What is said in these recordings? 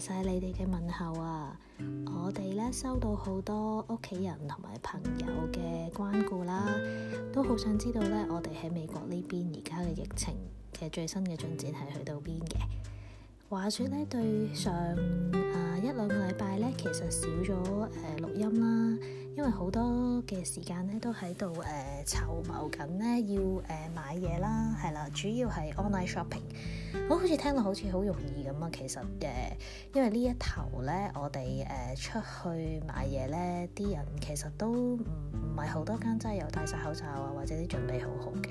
晒你哋嘅問候啊！我哋咧收到好多屋企人同埋朋友嘅關顧啦，都好想知道咧，我哋喺美國呢邊而家嘅疫情嘅最新嘅進展係去到邊嘅。話說咧，對上，呃一兩個禮拜咧，其實少咗誒錄音啦，因為好多嘅時間咧都喺度誒籌謀緊咧，要誒、呃、買嘢啦，係啦，主要係 online shopping。我好似聽落好似好容易咁啊，其實誒、呃，因為呢一頭咧，我哋誒、呃、出去買嘢咧，啲人其實都唔唔係好多間，即係有戴晒口罩啊，或者啲準備好好嘅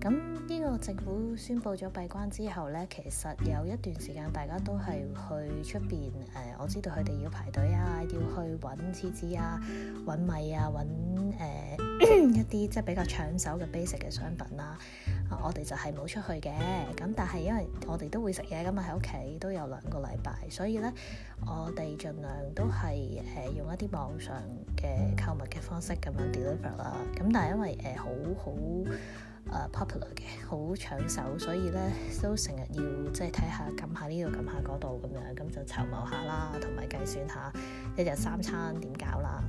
咁。嗯政府宣布咗閉關之後咧，其實有一段時間大家都係去出邊誒。我知道佢哋要排隊啊，要去揾廁紙啊、揾米啊、揾誒、呃、 一啲即係比較搶手嘅 basic 嘅商品啦。啊，呃、我哋就係冇出去嘅。咁但係因為我哋都會食嘢，咁嘛喺屋企都有兩個禮拜，所以咧我哋盡量都係誒、呃、用一啲網上嘅購物嘅方式咁樣 deliver 啦。咁但係因為誒好、呃、好。好好誒、uh, popular 嘅，好搶手，所以咧都成日要即係睇下，撳下呢度，撳下嗰度咁樣，咁就籌謀下啦，同埋計算下一日三餐點搞啦。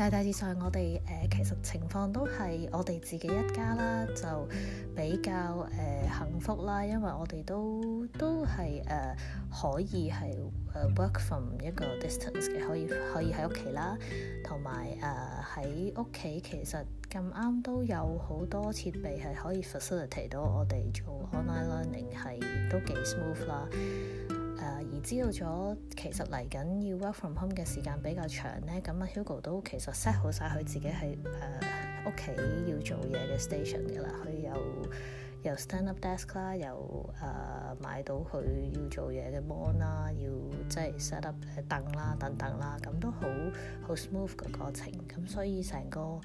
但大致上，我哋誒、呃、其實情況都係我哋自己一家啦，就比較誒、呃、幸福啦，因為我哋都都係誒、呃、可以係誒、呃、work from 一個 distance 嘅，可以可以喺屋企啦，同埋誒喺屋企其實咁啱都有好多設備係可以 facilitate 到我哋做 online learning 係都幾 smooth 啦。而知道咗，其實嚟緊要 work from home 嘅時間比較長呢，咁阿 Hugo 都其實 set 好晒佢自己喺誒屋企要做嘢嘅 station 㗎啦，佢有。又 stand up desk 啦，又、呃、誒買到佢要做嘢嘅 mon 啦，要即係 set up 誒凳啦，等等啦，咁都好好 smooth 嘅過程，咁所以成個誒、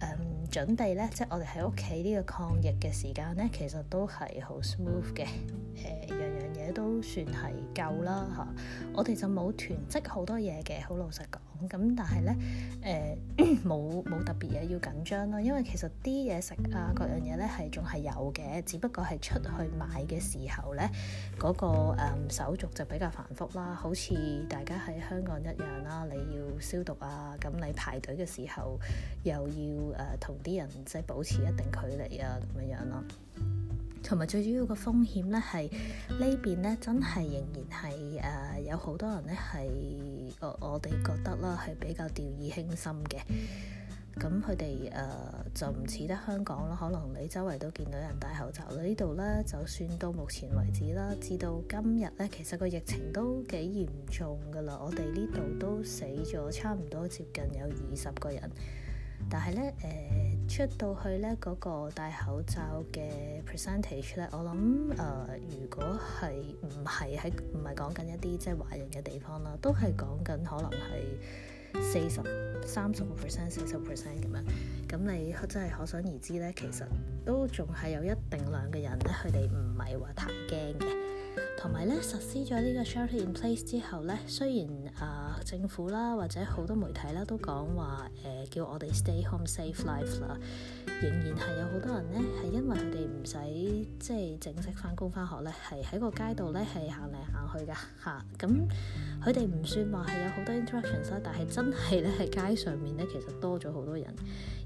嗯、準備呢，即係我哋喺屋企呢個抗疫嘅時間呢，其實都係好 smooth 嘅，誒、呃、樣樣嘢都算係夠啦嚇，我哋就冇囤積好多嘢嘅，好老實講。咁、嗯、但係咧，誒冇冇特別嘢要緊張咯，因為其實啲嘢食啊，各樣嘢咧係仲係有嘅，只不過係出去買嘅時候咧，嗰、個、嗯、手續就比較繁複啦，好似大家喺香港一樣啦，你要消毒啊，咁你排隊嘅時候又要誒同啲人即係保持一定距離啊咁樣咯，同埋最主要個風險咧係呢邊咧真係仍然係誒、呃、有好多人咧係。我我哋覺得啦，係比較掉以輕心嘅。咁佢哋誒就唔似得香港啦，可能你周圍都見到人戴口罩。呢度呢，就算到目前為止啦，至到今日呢，其實個疫情都幾嚴重㗎啦。我哋呢度都死咗差唔多接近有二十個人。但係咧，誒、呃、出到去咧，嗰、那個戴口罩嘅 percentage 咧，我諗誒、呃，如果係唔係喺唔係講緊一啲即係華人嘅地方啦，都係講緊可能係四十、三十個 percent、四十 percent 咁樣。咁你真係可想而知咧，其實都仲係有一定量嘅人咧，佢哋唔係話太驚嘅。同埋咧，實施咗呢個 shelter in place 之後咧，雖然啊、呃，政府啦或者好多媒體啦都講話，誒、呃，叫我哋 stay home, save life 啦。仍然係有好多人呢，係因為佢哋唔使即係正式返工返學呢係喺個街度呢係行嚟行去㗎吓。咁佢哋唔算話係有好多 interactions 啦，但係真係咧喺街上面呢，其實多咗好多人，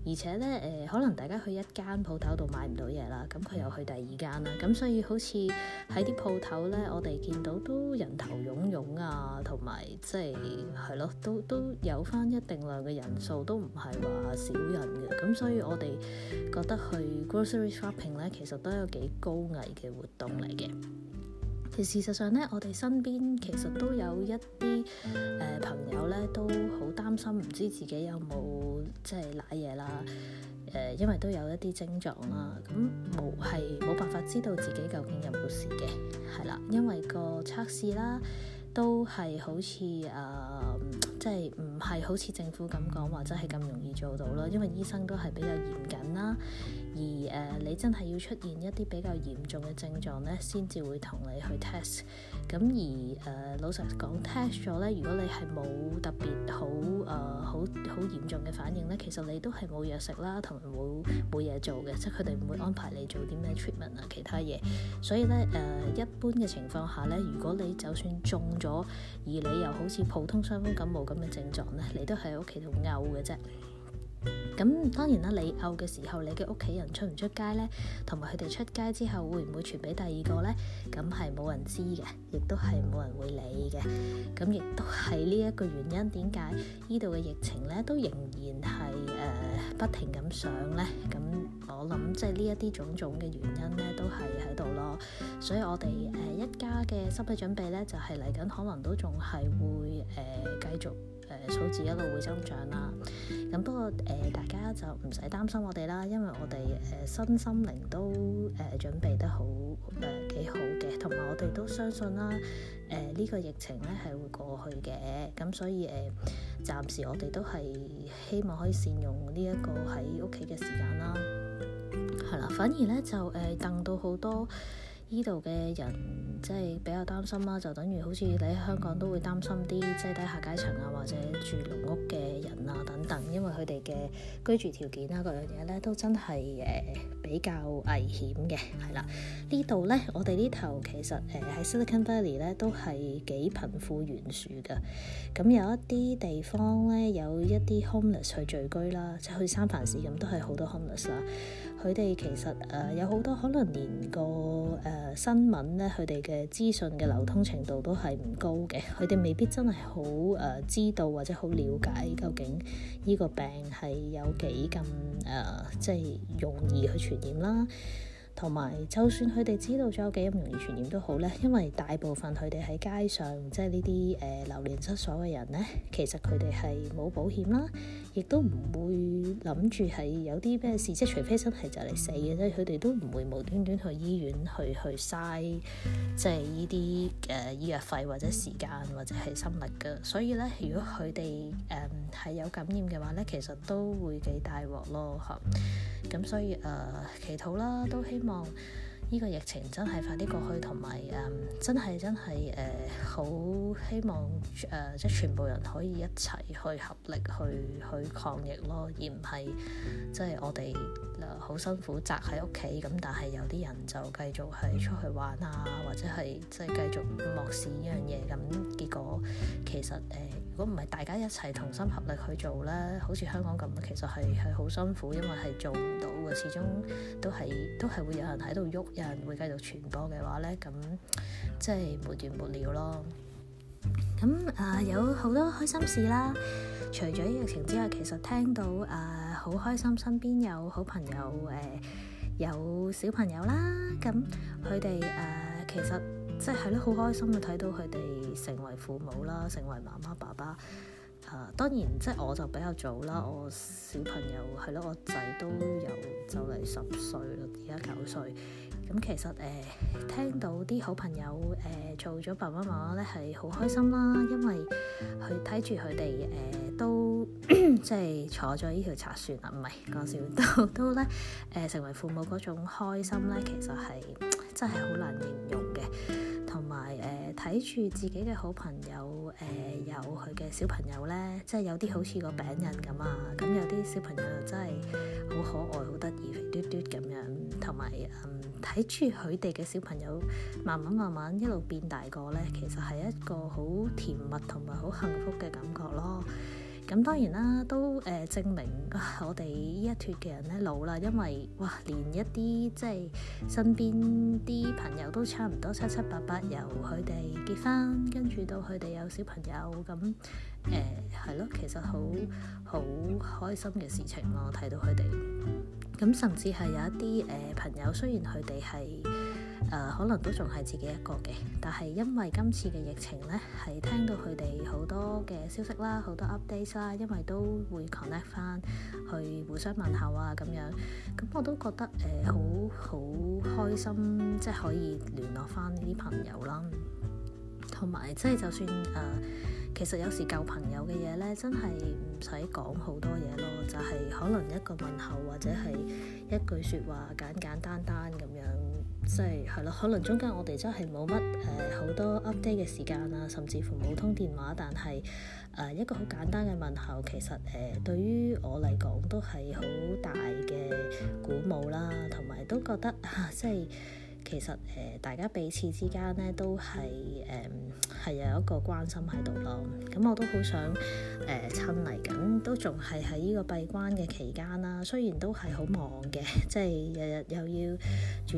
而且呢，誒、呃、可能大家去一間鋪頭度買唔到嘢啦，咁佢又去第二間啦，咁所以好似喺啲鋪頭呢，我哋見到都人頭湧湧啊，同埋即係係咯，都都有返一定量嘅人數，都唔係話少人嘅。咁所以我哋覺得去 grocery shopping 咧，其實都有幾高危嘅活動嚟嘅。而事實上咧，我哋身邊其實都有一啲誒、呃、朋友咧，都好擔心，唔知自己有冇即係奶嘢啦。誒、呃，因為都有一啲症狀啦，咁冇係冇辦法知道自己究竟有冇事嘅，係啦，因為個測試啦，都係好似誒。呃即係唔係好似政府咁講，或者係咁容易做到咯？因為醫生都係比較嚴謹啦。而誒、呃，你真係要出現一啲比較嚴重嘅症狀咧，先至會同你去 test。咁而誒、呃，老實講，test 咗咧，如果你係冇特別好誒、呃，好好嚴重嘅反應咧，其實你都係冇藥食啦，同埋冇冇嘢做嘅，即係佢哋唔會安排你做啲咩 treatment 啊，其他嘢。所以咧誒、呃，一般嘅情況下咧，如果你就算中咗，而你又好似普通傷風感冒咁嘅症狀咧，你都係喺屋企度嘔嘅啫。咁當然啦，你嘔嘅時候，你嘅屋企人出唔出街呢？同埋佢哋出街之後，會唔會傳俾第二個呢？咁係冇人知嘅，亦都係冇人會理嘅。咁亦都係呢一個原因，點解呢度嘅疫情呢都仍然係誒、呃、不停咁上呢？咁我諗即係呢一啲種種嘅原因呢都係喺度咯。所以我哋誒、呃、一家嘅心理準備呢，就係嚟緊可能都仲係會誒繼、呃、續誒數字一路會增長啦，咁不過誒、呃、大家就唔使擔心我哋啦，因為我哋誒身心靈都誒、呃、準備得、呃、好誒幾好嘅，同埋我哋都相信啦誒呢、呃這個疫情咧係會過去嘅，咁所以誒、呃、暫時我哋都係希望可以善用呢一個喺屋企嘅時間啦，係啦，反而咧就誒等、呃、到好多呢度嘅人。即係比較擔心啦，就等於好似你喺香港都會擔心啲即係低下階層啊，或者住農屋嘅人啊等等，因為佢哋嘅居住條件啊嗰樣嘢咧都真係誒、呃、比較危險嘅，係啦。呢度呢，我哋呢頭其實誒喺、呃、Silicon Valley 咧都係幾貧富懸殊嘅。咁有一啲地方呢，有一啲 homeless 去聚居啦，即係去三藩市咁都係好多 homeless 啦。佢哋其實誒、呃、有好多可能連個誒、呃、新聞呢，佢哋嘅資訊嘅流通程度都係唔高嘅，佢哋未必真係好誒知道或者好了解究竟呢個病係有幾咁誒，即係容易去傳染啦。同埋，就算佢哋知道咗有幾咁容易傳染都好咧，因為大部分佢哋喺街上，即係、呃、呢啲誒流連失所嘅人咧，其實佢哋係冇保險啦，亦都唔會諗住係有啲咩事，即係除非真係就嚟死嘅，即係佢哋都唔會無端端去醫院去去嘥，即係呢啲誒醫藥費或者時間或者係心力㗎。所以咧，如果佢哋誒係有感染嘅話咧，其實都會幾大鑊咯，嚇。咁所以誒、呃，祈禱啦，都希望呢個疫情真係快啲過去，同埋誒，真係，真係，誒、呃，好希望誒、呃，即係全部人可以一齊去合力去去抗疫咯，而唔係，即係我哋誒好辛苦宅喺屋企，咁但係有啲人就繼續係出去玩啊，或者係，即係繼續漠視呢樣嘢，咁結果其實，誒、呃。如果唔係大家一齊同心合力去做咧，好似香港咁，其實係係好辛苦，因為係做唔到嘅，始終都係都係會有人喺度喐，有人會繼續傳播嘅話咧，咁即係無完無了咯。咁啊、呃，有好多開心事啦！除咗疫情之外，其實聽到啊好、呃、開心，身邊有好朋友誒、呃，有小朋友啦，咁佢哋誒其實。即係咧，好開心啊！睇到佢哋成為父母啦，成為媽媽爸爸。誒、呃，當然即係我就比較早啦。我小朋友係咯，我仔都有就嚟十歲啦，而家九歲。咁、嗯、其實誒、呃，聽到啲好朋友誒、呃、做咗爸爸媽媽咧，係好開心啦，因為佢睇住佢哋誒都 即係坐咗呢條賊船啦。唔係講笑，都都咧，成為父母嗰種開心咧，其實係真係好難形容嘅。同埋誒睇住自己嘅好朋友誒、呃、有佢嘅小朋友咧，即係有啲好似個餅印咁啊，咁有啲小朋友又真係好可愛、好得意、肥嘟嘟咁樣，同埋嗯睇住佢哋嘅小朋友慢慢慢慢一路變大個咧，其實係一個好甜蜜同埋好幸福嘅感覺咯。咁當然啦，都誒、呃、證明、啊、我哋依一脱嘅人咧老啦，因為哇，連一啲即係身邊啲朋友都差唔多七七八八，由佢哋結婚，跟住到佢哋有小朋友，咁誒係咯，其實好好開心嘅事情咯，我睇到佢哋，咁甚至係有一啲誒、呃、朋友，雖然佢哋係。誒、呃、可能都仲係自己一個嘅，但係因為今次嘅疫情咧，係聽到佢哋好多嘅消息啦，好多 update 啦，因為都會 connect 翻去互相問候啊咁樣，咁我都覺得誒好好開心，即、就、係、是、可以聯絡翻呢啲朋友啦，同埋即係就算誒、呃、其實有時舊朋友嘅嘢咧，真係唔使講好多嘢咯，就係、是、可能一個問候或者係一句說話簡簡單單咁樣。即係係咯，可能中間我哋真係冇乜誒好多 update 嘅時間啦，甚至乎冇通電話。但係誒、呃、一個好簡單嘅問候，其實誒、呃、對於我嚟講都係好大嘅鼓舞啦，同埋都覺得嚇即係。呃其實誒、呃，大家彼此之間咧都係誒，係、呃、有一個關心喺度咯。咁我都好想誒趁嚟緊，都仲係喺呢個閉關嘅期間啦。雖然都係好忙嘅，即係日日又要煮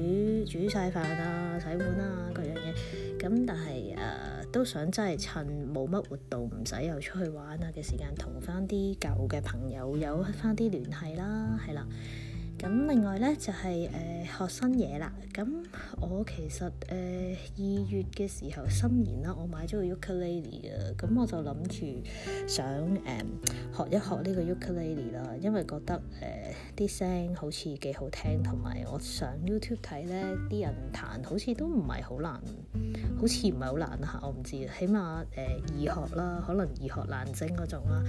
煮曬飯啊、洗碗啊各樣嘢。咁但係誒、呃，都想真係趁冇乜活動，唔使又出去玩啊嘅時間，同翻啲舊嘅朋友有翻啲聯繫啦，係啦。咁另外咧就係、是、誒、呃、學新嘢啦。咁我其實誒二、呃、月嘅時候新年啦，我買咗個尤克里里嘅。咁我就諗住想誒、呃、學一學呢個尤克里里啦，因為覺得誒啲、呃、聲好似幾好聽，同埋我上 YouTube 睇咧啲人彈好似都唔係好難，好似唔係好難下，我唔知，起碼誒、呃、易學啦，可能易學難精嗰種啦。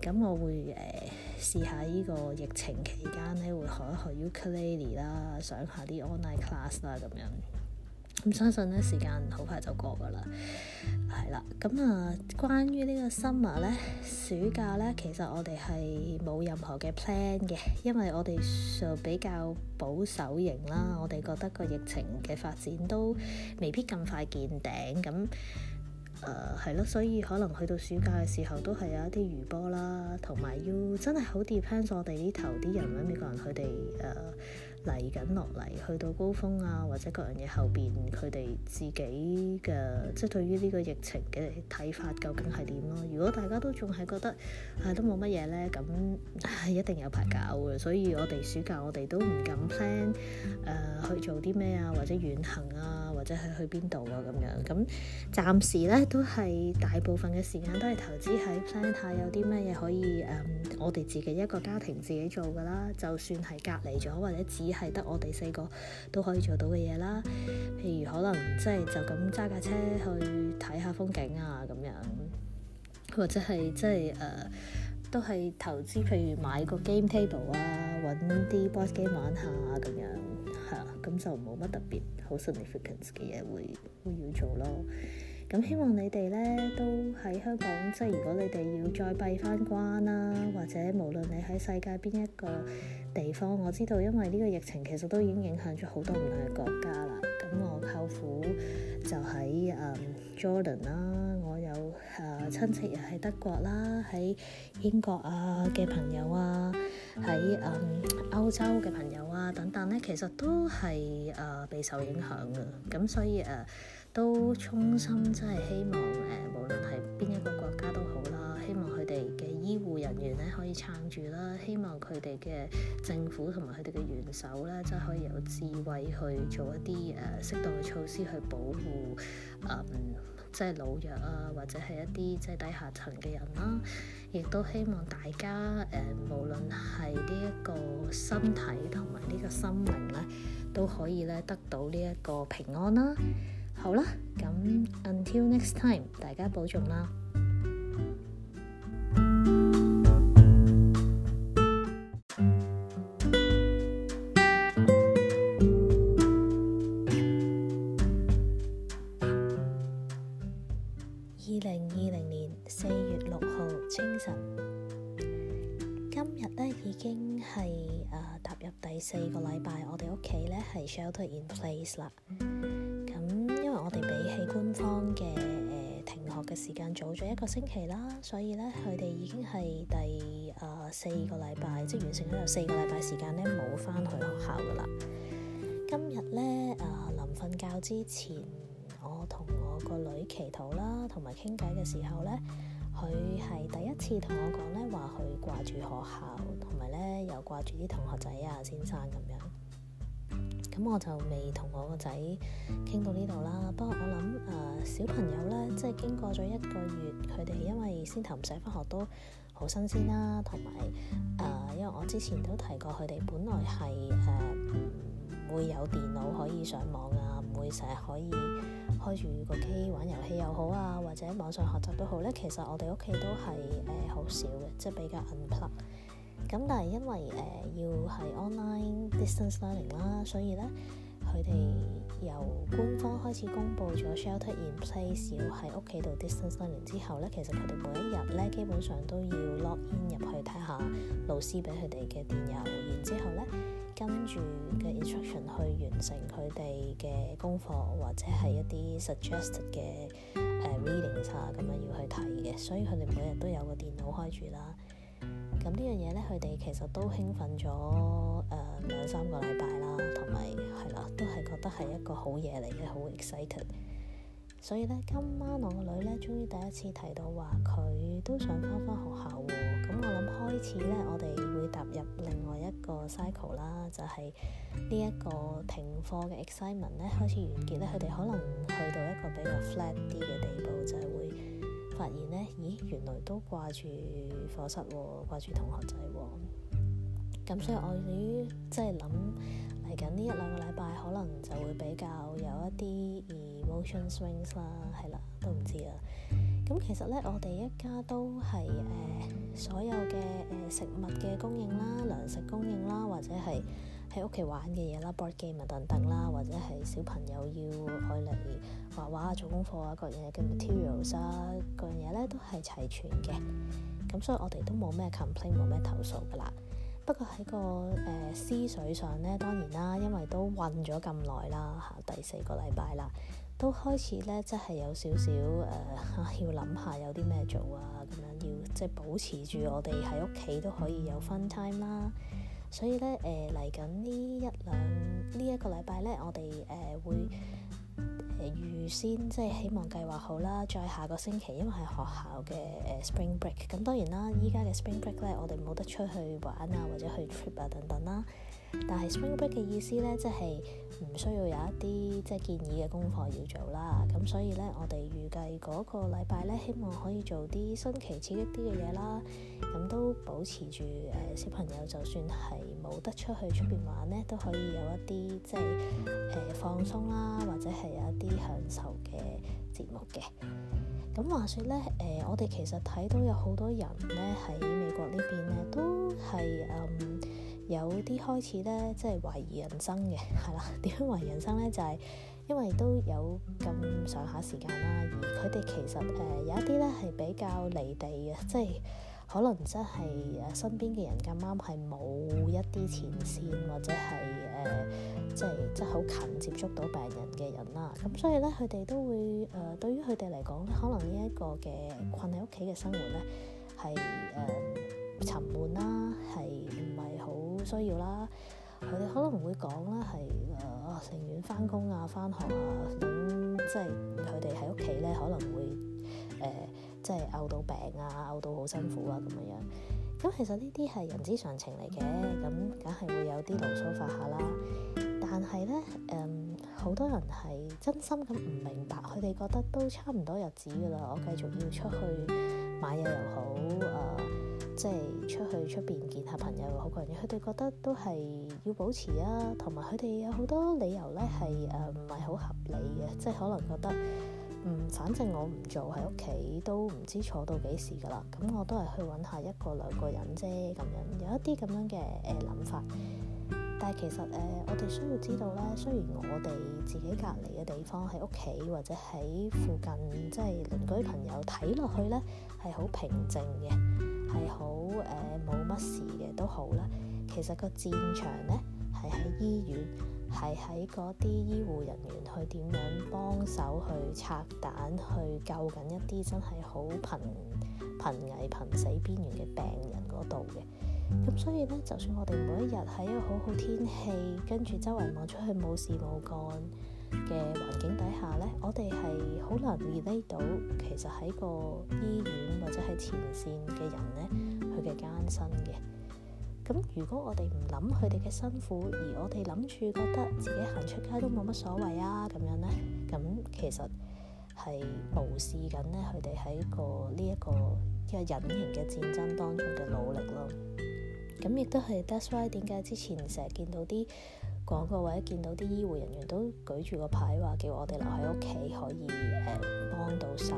咁我會誒、呃試下呢個疫情期間咧，會學一學 Ukulele 啦，上下啲 online class 啦咁樣。咁相信呢，時間好快就過噶啦。係啦，咁啊，關於呢個 summer 呢，暑假呢，其實我哋係冇任何嘅 plan 嘅，因為我哋就比較保守型啦。我哋覺得個疫情嘅發展都未必咁快見頂咁。誒係咯，所以可能去到暑假嘅時候，都係有一啲餘波啦，同埋要真係好 depend 我哋呢頭啲人啦，美國人佢哋誒嚟緊落嚟，去到高峰啊，或者各樣嘢後邊，佢哋自己嘅即係對於呢個疫情嘅睇法究竟係點咯？如果大家都仲係覺得係、啊、都冇乜嘢咧，咁、啊、一定有排搞嘅。所以我哋暑假我哋都唔敢 plan 誒、呃、去做啲咩啊，或者遠行啊。或者係去邊度啊？咁樣咁，暫時咧都係大部分嘅時間都係投資喺 plan 下有啲咩嘢可以誒、嗯，我哋自己一個家庭自己做噶啦。就算係隔離咗，或者只係得我哋四個都可以做到嘅嘢啦。譬如可能即係就咁揸架車去睇下風景啊咁樣，或者係即係誒都係投資，譬如買個 game table 啊，揾啲 box game 玩下咁樣。咁就冇乜特別好 significance 嘅嘢會會要做咯。咁希望你哋咧都喺香港，即係如果你哋要再閉翻關啦、啊，或者無論你喺世界邊一個地方，我知道因為呢個疫情其實都已經影響咗好多唔同嘅國家啦。咁、嗯、我舅父就喺誒、嗯、Jordan 啦，我有誒親、啊、戚又喺德國啦，喺英國啊嘅朋友啊，喺誒、嗯、歐洲嘅朋友啊等等咧，其實都係誒備受影響嘅，咁所以誒、啊、都衷心真係希望誒、呃、無論係邊一個國家都。醫護人員咧可以撐住啦，希望佢哋嘅政府同埋佢哋嘅元首咧，即係可以有智慧去做一啲誒、呃、適當嘅措施去保護、嗯、即係老弱啊，或者係一啲即係低下層嘅人啦。亦都希望大家誒、呃，無論係呢一個身體同埋呢個心靈咧，都可以咧得到呢一個平安啦。好啦，咁 until next time，大家保重啦。個禮拜即完成咗，有四個禮拜時間咧，冇翻去學校噶啦。今日咧，誒、呃、臨瞓覺之前，我同我個女祈禱啦，同埋傾偈嘅時候咧，佢係第一次同我講咧話，佢掛住學校，同埋咧又掛住啲同學仔啊、先生咁樣。咁我就未同我個仔傾到呢度啦。不過我諗誒、呃、小朋友咧，即係經過咗一個月，佢哋因為先頭唔使翻學都。好新鮮啦、啊，同埋誒，因為我之前都提過，佢哋本來係唔、呃、會有電腦可以上網啊，唔會成日可以開住個機玩遊戲又好啊，或者網上學習都好咧。其實我哋屋企都係誒好少嘅，即係比較 impact，咁但係因為誒、呃、要係 online distance learning 啦、啊，所以咧。佢哋由官方開始公布咗 shelter in place，要喺屋企度 distance learning 之後咧，其實佢哋每一日咧基本上都要 login 入去睇下老師俾佢哋嘅電郵，然之後咧跟住嘅 instruction 去完成佢哋嘅功課，或者係一啲 suggested 嘅 readings 啊咁樣要去睇嘅，所以佢哋每日都有個電腦開住啦。咁呢樣嘢咧，佢哋其實都興奮咗誒、呃、兩三個禮拜啦，同埋係啦，都係覺得係一個好嘢嚟嘅，好 excited。所以咧，今晚我個女咧，終於第一次提到話佢都想翻返學校喎、啊。咁我諗開始咧，我哋會踏入另外一個 cycle 啦，就係呢一個停課嘅 excitement 咧開始完結咧，佢哋可能去到一個比較 flat 啲嘅地步，就係、是、會。發現呢，咦，原來都掛住課室喎，掛住同學仔喎、啊。咁所以我於即係諗嚟緊呢一兩個禮拜，可能就會比較有一啲 emotion swings 啦，係啦，都唔知啊。咁其實呢，我哋一家都係誒、呃，所有嘅誒、呃、食物嘅供應啦，糧食供應啦，或者係。喺屋企玩嘅嘢啦，board game 啊等等啦，或者係小朋友要去嚟畫畫、做功課啊，各樣嘢嘅 materials 啊，各樣嘢咧都係齊全嘅。咁所以我哋都冇咩 complain，冇咩投訴噶啦。不過喺個誒思緒上咧，當然啦，因為都運咗咁耐啦，吓第四個禮拜啦，都開始咧，即係有少少誒，要諗下有啲咩做啊，咁樣要即係保持住我哋喺屋企都可以有 fun time 啦。所以咧，誒嚟緊呢一兩呢一個禮拜咧，我哋誒、呃、會誒預、呃、先即係、就是、希望計劃好啦。再下個星期，因為係學校嘅、呃、Spring Break，咁當然啦，依家嘅 Spring Break 咧，我哋冇得出去玩啊，或者去 trip 啊等等啦。但係 Spring Break 嘅意思咧，即係唔需要有一啲即係建議嘅功課要做啦。咁所以咧，我哋預計嗰個禮拜咧，希望可以做啲新奇刺激啲嘅嘢啦。都保持住誒、呃，小朋友就算係冇得出去出邊玩咧，都可以有一啲即係誒、呃、放鬆啦，或者係有一啲享受嘅節目嘅。咁話說咧，誒、呃、我哋其實睇到有好多人咧喺美國呢邊咧，都係誒、嗯、有啲開始咧，即係懷疑人生嘅係啦。點樣懷疑人生咧？就係、是、因為都有咁上下時間啦，而佢哋其實誒、呃、有一啲咧係比較離地嘅，即係。可能即係誒身邊嘅人咁啱係冇一啲前線或者係誒，即係即係好近接觸到病人嘅人啦。咁所以咧，佢哋都會誒、呃，對於佢哋嚟講可能呢一個嘅困喺屋企嘅生活咧，係誒、呃、沉悶啦，係唔係好需要啦？佢哋可能會講啦，係、呃、誒，寧願翻工啊、翻學啊，咁即係佢哋喺屋企咧，可能會誒。呃即係嘔到病啊，嘔到好辛苦啊咁樣，咁其實呢啲係人之常情嚟嘅，咁梗係會有啲牢騷發下啦。但係咧，誒、嗯，好多人係真心咁唔明白，佢哋覺得都差唔多日子㗎啦，我繼續要出去買嘢又好，誒、呃，即係出去出邊見下朋友又好，佢哋覺得都係要保持啊，同埋佢哋有好多理由咧係誒唔係好合理嘅，即係可能覺得。嗯，反正我唔做喺屋企都唔知坐到幾時噶啦，咁我都係去揾下一個兩個人啫咁樣，有一啲咁樣嘅誒諗法。但係其實誒、呃，我哋需要知道啦，雖然我哋自己隔離嘅地方喺屋企或者喺附近，即係鄰居朋友睇落去呢，係好平靜嘅，係好誒冇乜事嘅都好啦。其實個戰場呢，係喺醫院。係喺嗰啲醫護人員去點樣幫手去拆彈、去救緊一啲真係好瀕瀕危、瀕死邊緣嘅病人嗰度嘅。咁所以咧，就算我哋每一日喺一個好好天氣，跟住周圍望出去冇事冇幹嘅環境底下咧，我哋係好難會理解到其實喺個醫院或者喺前線嘅人咧，佢嘅艱辛嘅。咁如果我哋唔諗佢哋嘅辛苦，而我哋諗住覺得自己行出街都冇乜所謂啊，咁樣呢？咁其實係無視緊呢，佢哋喺個呢一個嘅隱形嘅戰爭當中嘅努力咯。咁亦都係 That's why，點解之前成日見到啲廣告或者見到啲醫護人員都舉住個牌，話叫我哋留喺屋企可以誒、嗯、幫到手。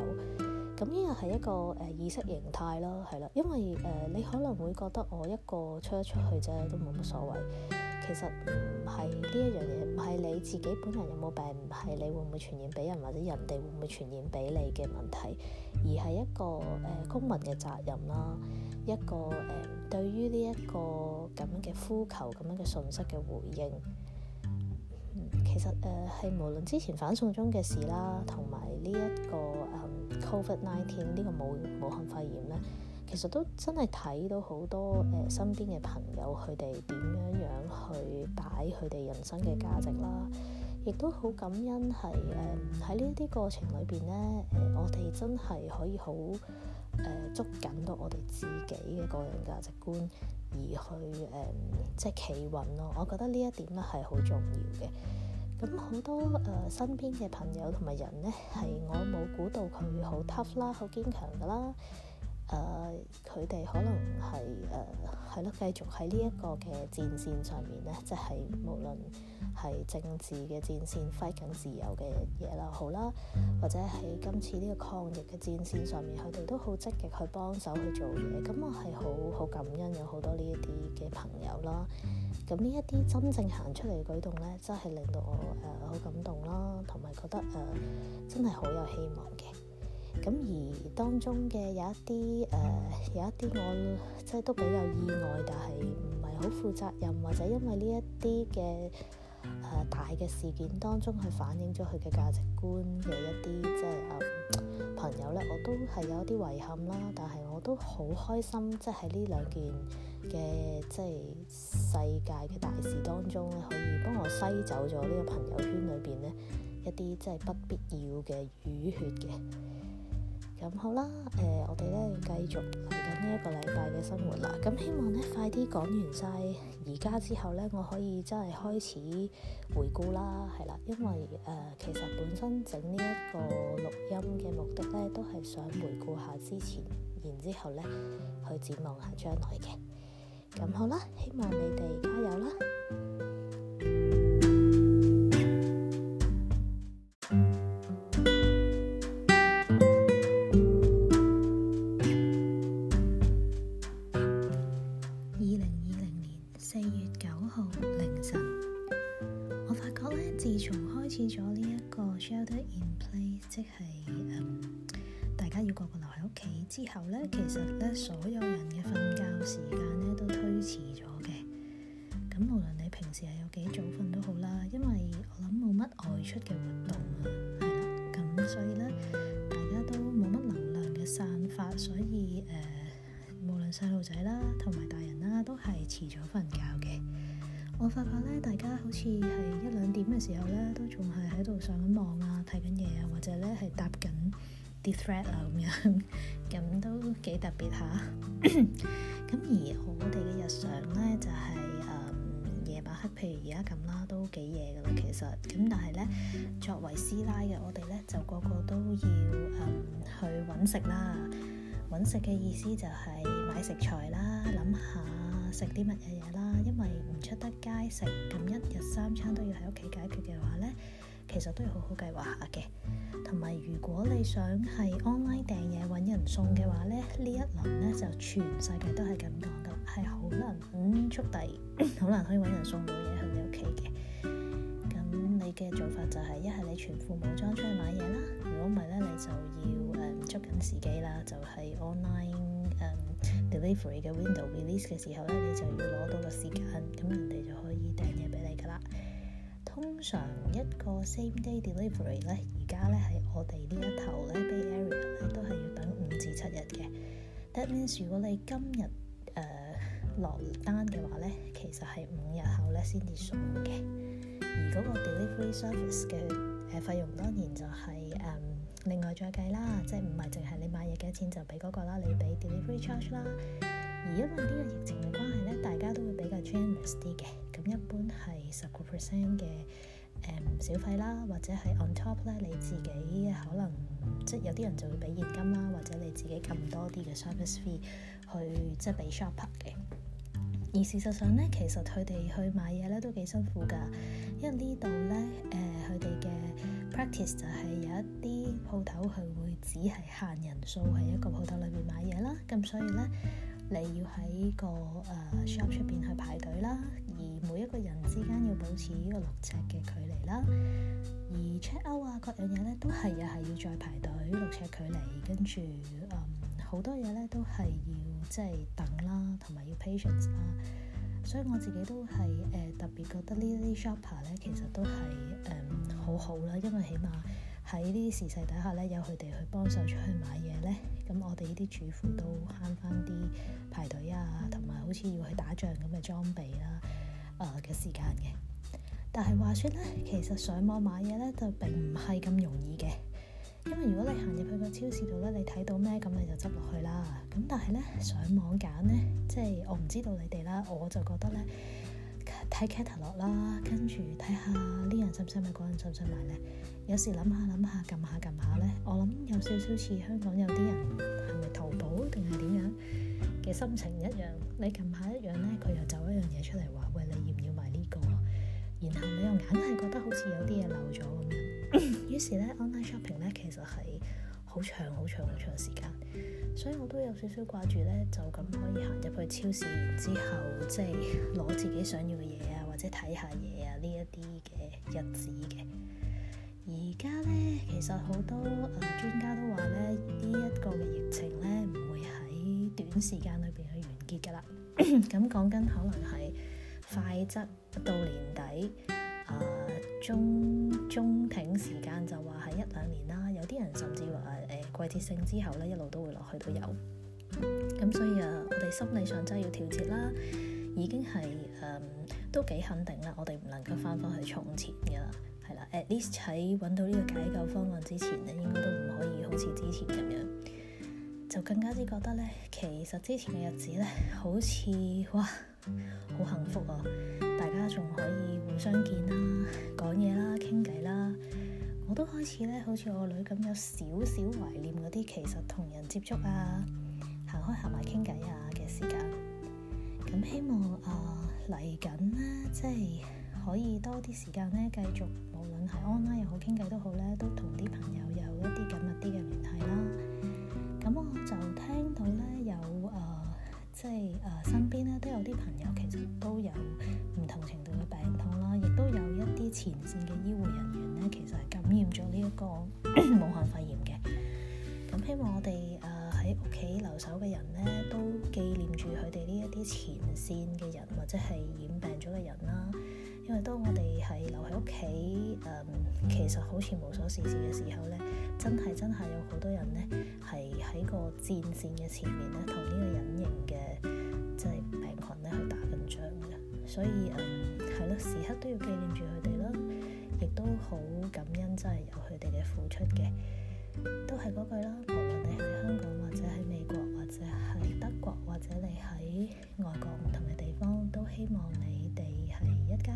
咁呢個係一個誒、呃、意識形態咯，係啦，因為誒、呃、你可能會覺得我一個出一出去啫，都冇乜所謂。其實唔係呢、嗯、一樣嘢，唔係你自己本人有冇病，唔係你會唔會傳染俾人，或者人哋會唔會傳染俾你嘅問題，而係一個誒、呃、公民嘅責任啦，一個誒、呃、對於呢一個咁樣嘅呼求、咁樣嘅信息嘅回應。嗯、其實誒係、呃、無論之前反送中嘅事啦，同埋呢一個誒、呃 COVID-19 呢個武武漢肺炎咧，其實都真係睇到好多誒、呃、身邊嘅朋友佢哋點樣樣去擺佢哋人生嘅價值啦，亦都好感恩係誒喺呢一啲過程裏邊咧，誒、呃、我哋真係可以好誒捉緊到我哋自己嘅個人價值觀而去誒、呃、即係企穩咯。我覺得呢一點咧係好重要嘅。咁好、嗯、多誒、呃、身邊嘅朋友同埋人呢，係我冇估到佢好 tough 啦，好堅強㗎啦～誒佢哋可能係誒係咯，繼續喺呢一個嘅戰線上面咧，即係無論係政治嘅戰線，fight 緊自由嘅嘢啦，好啦，或者喺今次呢個抗疫嘅戰線上面，佢哋都好積極去幫手去做嘢，咁我係好好感恩有好多呢一啲嘅朋友啦。咁呢一啲真正行出嚟嘅舉動咧，真係令到我誒好、呃、感動啦，同埋覺得誒、呃、真係好有希望嘅。咁而當中嘅有一啲誒、呃，有一啲我即係都比較意外，但係唔係好負責任，或者因為呢一啲嘅誒大嘅事件當中，去反映咗佢嘅價值觀嘅一啲即係誒、啊、朋友咧，我都係有一啲遺憾啦。但係我都好開心，即係喺呢兩件嘅即係世界嘅大事當中咧，可以幫我篩走咗呢個朋友圈裏邊咧一啲即係不必要嘅瘀血嘅。咁好啦，誒、呃，我哋咧繼續嚟緊呢一個禮拜嘅生活啦。咁希望咧快啲講完晒，而家之後咧，我可以真係開始回顧啦，係啦，因為誒、呃、其實本身整呢一個錄音嘅目的咧，都係想回顧下之前，然之後咧去展望下將來嘅。咁好啦，希望你哋加油啦！個 shelter in place 即係、嗯，大家要個個留喺屋企之後呢，其實呢所有人嘅瞓覺時間呢都推遲咗嘅。咁無論你平時係有幾早瞓都好啦，因為我諗冇乜外出嘅活動啊，係啦，咁所以呢，大家都冇乜能量嘅散發，所以誒、呃，無論細路仔啦，同埋大人啦，都係遲咗瞓覺嘅。我發覺咧，大家好似係一兩點嘅時候咧，都仲係喺度上緊網啊，睇緊嘢啊，或者咧係答緊啲 thread 啊咁樣，咁 都幾特別下，咁 而我哋嘅日常咧就係、是、誒、嗯、夜晚黑，譬如而家咁啦，都幾夜㗎喇，其實。咁但係咧，作為師奶嘅我哋咧，就個個都要、嗯、去揾食啦。揾食嘅意思就係買食材啦，諗下。食啲乜嘢嘢啦？因為唔出得街食，咁一日三餐都要喺屋企解決嘅話咧，其實都要好好計劃下嘅。同埋如果你想係 online 訂嘢揾人送嘅話咧，一呢一輪咧就全世界都係咁講嘅，係好難難、嗯、速遞，好 難可以揾人送到嘢去你屋企嘅。咁你嘅做法就係一係你全副武裝出去買嘢啦，如果唔係咧，你就要誒、嗯、捉緊時機啦，就係、是、online。delivery 嘅 window release 嘅時候咧，你就要攞到個時間，咁人哋就可以訂嘢俾你㗎喇。通常一個 same day delivery 咧，而家咧係我哋呢一頭咧，Bay Area 咧都係要等五至七日嘅。That means 如果你今日誒、呃、落單嘅話咧，其實係五日後咧先至送嘅。而嗰個 delivery service 嘅誒費用當然就係、是、誒。呃另外再計啦，即係唔係淨係你買嘢幾多錢就俾嗰個啦，你俾 delivery charge 啦。而因為呢個疫情嘅關係咧，大家都會比較 generous 啲嘅。咁一般係十個 percent 嘅誒小費啦，或者係 on top 咧，你自己可能即係有啲人就會俾現金啦，或者你自己撳多啲嘅 service fee 去即係俾 shopper 嘅。而事實上咧，其實佢哋去買嘢咧都幾辛苦㗎，因為呢度咧，誒、呃、佢哋嘅 practice 就係有一啲鋪頭佢會只係限人數喺一個鋪頭裏面買嘢啦，咁所以咧，你要喺個誒、uh, shop 出邊去排隊啦，而每一個人之間要保持呢個六尺嘅距離啦，而 check out 啊各樣嘢咧都係又係要再排隊六尺距離，跟住嗯好多嘢咧都係要。即係等啦，同埋要 patience 啦，所以我自己都係誒、呃、特別覺得呢啲 shopper 咧，其實都係誒、嗯、好好啦，因為起碼喺呢啲時勢底下咧，有佢哋去幫手出去買嘢咧，咁我哋呢啲主婦都慳翻啲排隊啊，同埋好似要去打仗咁嘅裝備啦、啊、誒、呃、嘅時間嘅。但係話說咧，其實上網買嘢咧，就並唔係咁容易嘅。因為如果你行入去個超市度咧，你睇到咩，咁你就執落去啦。咁但係咧，上網揀咧，即係我唔知道你哋啦，我就覺得咧，睇 catalog 啦，跟住睇下呢樣使唔使買，嗰樣使唔使買咧。有時諗下諗下，撳下撳下咧，我諗有少少似香港有啲人係咪淘寶定係點樣嘅心情一樣。你撳下一樣咧，佢又走一樣嘢出嚟話，喂，你要唔要買？然後你又硬係覺得好似有啲嘢漏咗咁樣，於是咧 online shopping 咧，其實係好長好長好長時間，所以我都有少少掛住咧，就咁可以行入去超市，然之後即係攞自己想要嘅嘢啊，或者睇下嘢啊，呢一啲嘅日子嘅。而家咧其實好多誒專家都話，咧呢一個嘅疫情咧唔會喺短時間裏邊去完結噶啦，咁講緊可能係。快則到年底，誒、呃、中中停時間就話係一兩年啦。有啲人甚至話誒、呃、季節性之後咧，一路都會落去都有。咁所以啊，我哋心理上真係要調節啦。已經係誒、呃、都幾肯定啦，我哋唔能夠翻返去從前㗎啦。係啦，at least 喺揾到呢個解救方案之前咧，應該都唔可以好似之前咁樣，就更加之覺得咧，其實之前嘅日子咧，好似哇～好幸福啊！大家仲可以互相見啦、講嘢啦、傾偈啦，我都開始咧，好似我女咁，有少少懷念嗰啲其實同人接觸啊、行開行埋傾偈啊嘅時間。咁希望啊嚟緊呢，即係可以多啲時間咧，繼續無論係 online 又好傾偈都好咧，都同啲朋友有一啲緊密啲嘅聯繫啦。咁我就聽到咧。即係誒、呃、身邊咧，都有啲朋友其實都有唔同程度嘅病痛啦，亦都有一啲前線嘅醫護人員咧，其實係感染咗呢一個 武漢肺炎嘅。咁希望我哋誒喺屋企留守嘅人咧，都紀念住佢哋呢一啲前線嘅人，或者係染病咗嘅人啦。因為當我哋係留喺屋企，誒、嗯，其實好似無所事事嘅時候咧，真係真係有好多人咧，係喺個戰線嘅前面咧，同呢個隱形嘅即係病菌咧去打緊仗嘅。所以誒，係、嗯、咯，時刻都要紀念住佢哋咯，亦都好感恩，真係有佢哋嘅付出嘅。都係嗰句啦，無論你喺香港，或者喺美國，或者喺德國，或者你喺外國唔同嘅地方，都希望你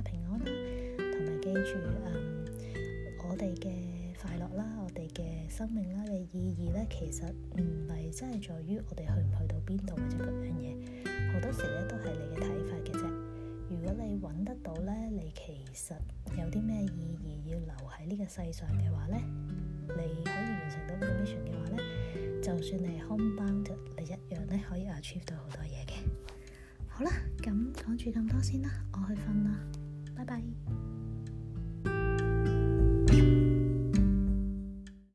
平安啦，啊，同埋記住，啊、嗯，我哋嘅快樂啦，我哋嘅生命啦嘅意義咧，其實唔係真係在於我哋去唔去到邊度或者嗰樣嘢。好多時咧都係你嘅睇法嘅啫。如果你揾得到咧，你其實有啲咩意義要留喺呢個世上嘅話咧，你可以完成到呢個 mission 嘅話咧，就算你係 homebound，你一樣咧可以 achieve 到好多嘢嘅。好啦，咁講住咁多先啦，我去瞓啦。拜拜。